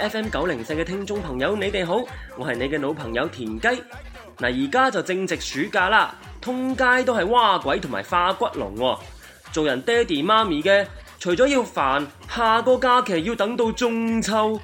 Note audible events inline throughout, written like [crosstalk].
F.M. 九零四嘅聽眾朋友，你哋好，我係你嘅老朋友田雞。嗱，而家就正值暑假啦，通街都係蛙鬼同埋化骨龍。做人爹哋媽咪嘅，除咗要煩，下個假期要等到中秋，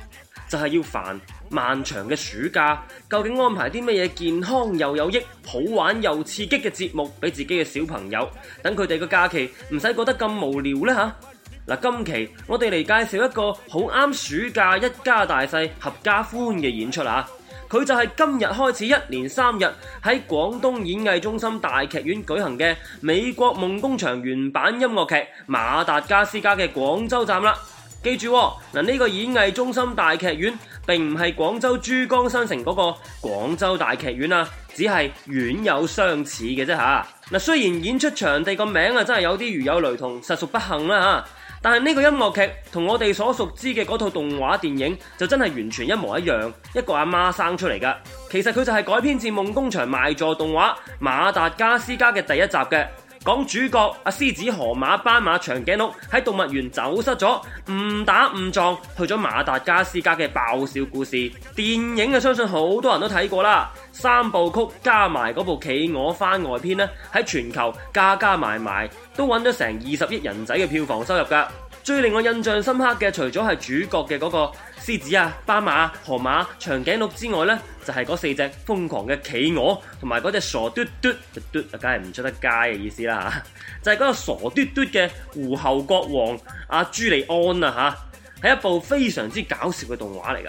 就係、是、要煩漫長嘅暑假。究竟安排啲乜嘢健康又有益、好玩又刺激嘅節目俾自己嘅小朋友，等佢哋個假期唔使覺得咁無聊呢吓？嗱，今期我哋嚟介紹一個好啱暑假一家大細合家歡嘅演出啦！佢就係今日開始一連三日喺廣東演藝中心大劇院舉行嘅美國夢工場原版音樂劇《馬達加斯加》嘅廣州站啦。記住喎，嗱呢個演藝中心大劇院並唔係廣州珠江新城嗰個廣州大劇院啊，只係略有相似嘅啫嚇。嗱，雖然演出場地個名啊真係有啲如有雷同，實屬不幸啦嚇。但係呢個音樂劇同我哋所熟知嘅嗰套動畫電影就真係完全一模一樣，一個阿媽生出嚟噶。其實佢就係改編自夢工場賣座動畫《馬達加斯加》嘅第一集嘅，講主角阿獅子、河馬、斑馬、長頸鹿喺動物園走失咗，誤打誤撞去咗馬達加斯加嘅爆笑故事。電影啊，相信好多人都睇過啦。三部曲加埋嗰部企鵝番外篇呢，喺全球加加埋埋都搵咗成二十億人仔嘅票房收入噶。最令我印象深刻嘅，除咗係主角嘅嗰個獅子啊、斑馬、啊、河馬、啊、長頸鹿之外呢就係、是、嗰四隻瘋狂嘅企鵝，同埋嗰隻傻嘟嘟，嘟啊，梗係唔出得街嘅意思啦吓， [laughs] 就係嗰個傻嘟嘟嘅狐猴國王阿、啊、朱利安啊吓，係、啊、一部非常之搞笑嘅動畫嚟噶。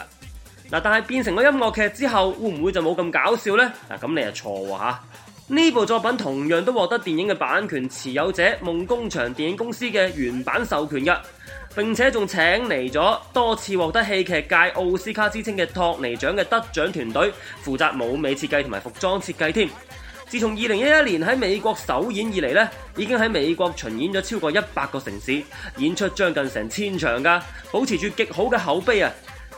嗱、啊，但係變成個音樂劇之後，會唔會就冇咁搞笑呢？嗱、啊，咁你又錯喎吓。啊呢部作品同樣都獲得電影嘅版權持有者夢工場電影公司嘅原版授權㗎，並且仲請嚟咗多次獲得戲劇界奧斯卡之稱嘅托尼獎嘅得獎團隊負責舞美設計同埋服裝設計添。自從二零一一年喺美國首演以嚟呢已經喺美國巡演咗超過一百個城市，演出將近成千場噶，保持住極好嘅口碑啊！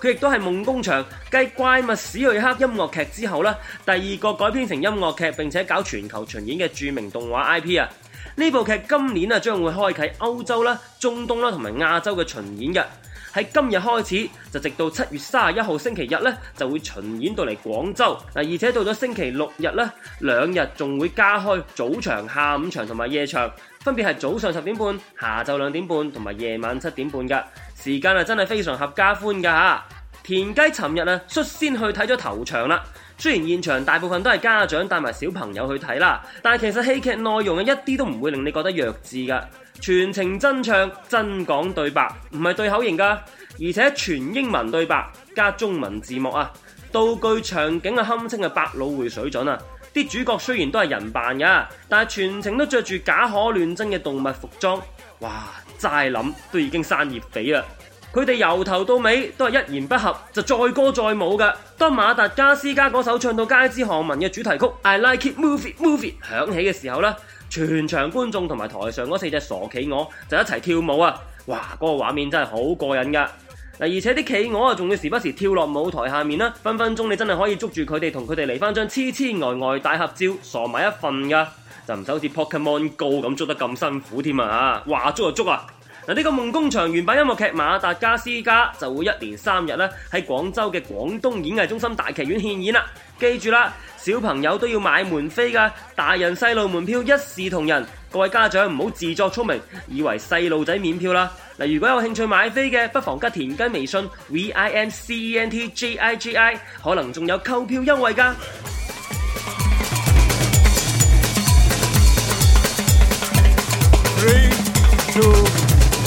佢亦都係《夢工場》繼《怪物史瑞克》音樂劇之後咧，第二個改編成音樂劇並且搞全球巡演嘅著名動畫 IP 啊！呢部劇今年啊將會開啟歐洲啦、中東啦同埋亞洲嘅巡演嘅，喺今日開始就直到七月三十一號星期日咧就會巡演到嚟廣州，而且到咗星期六日咧兩日仲會加開早場、下午場同埋夜場，分別係早上十點半、下晝兩點半同埋夜晚七點半嘅時間啊，真係非常合家歡噶吓。田雞尋日啊率先去睇咗頭場啦，雖然現場大部分都係家長帶埋小朋友去睇啦，但其實戲劇內容一啲都唔會令你覺得弱智噶，全程真唱真講對白，唔係對口型噶，而且全英文對白加中文字幕啊，道具場景啊堪稱係百老匯水準啊，啲主角雖然都係人扮噶，但係全程都着住假可亂真嘅動物服裝，哇齋諗都已經生熱痱啦。佢哋由頭到尾都係一言不合就載歌載舞嘅。當馬達加斯加嗰首唱到《街知巷聞》嘅主題曲 I Like It Move It Move It 響起嘅時候啦，全場觀眾同埋台上嗰四隻傻企鵝就一齊跳舞啊！哇，嗰、那個畫面真係好過癮噶。而且啲企鵝啊，仲要時不時跳落舞台下面啦，分分鐘你真係可以捉住佢哋，同佢哋嚟返張痴痴呆呆大合照，傻埋一份噶。就唔好似 Pokemon Go 咁捉得咁辛苦添啊！話捉就捉啊！呢個夢工場原版音樂劇《馬達加斯加》就會一連三日咧，喺廣州嘅廣東演藝中心大劇院獻演啦。記住啦，小朋友都要買門飛噶，大人細路門票一視同仁。各位家長唔好自作聰明，以為細路仔免票啦。嗱，如果有興趣買飛嘅，不妨加田雞微信 V I N C E N T G I G I，可能仲有購票優惠噶。